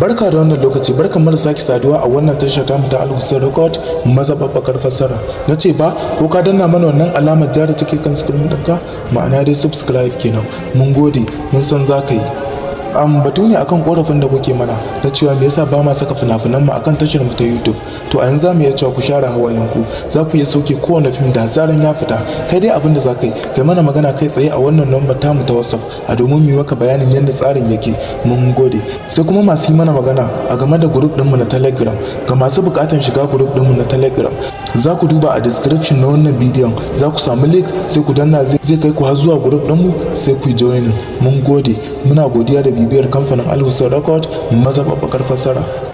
barka da wannan lokaci barka mara sake saduwa a wannan tashar ta ta alhussein record babbakar fassara na ce ba ko ka danna mana wannan alamar jari take kan screen ɗinka ma'ana dai subscribe kenan mun gode mun san za ka yi um, batu ne akan korafin da kuke mana na cewa me yasa ba ma saka fina-finan mu akan tashar mu ta YouTube to a yanzu mu iya cewa ku share hawayen ku za ku iya sauke kowane fim da zaran ya fita kai dai abin da za ka kai mana magana kai tsaye a wannan lambar tamu ta WhatsApp a domin mu yi maka bayanin yadda tsarin yake mun gode sai kuma masu yi mana magana a game da group mu na Telegram ga masu bukatan shiga group mu na Telegram za ku duba a description na wannan bidiyon za ku samu link sai ku danna zai kai ku har zuwa group mu sai ku join mun gode muna godiya da bi bibiyar kamfanin alhusa record mazaɓaɓɓakar fassara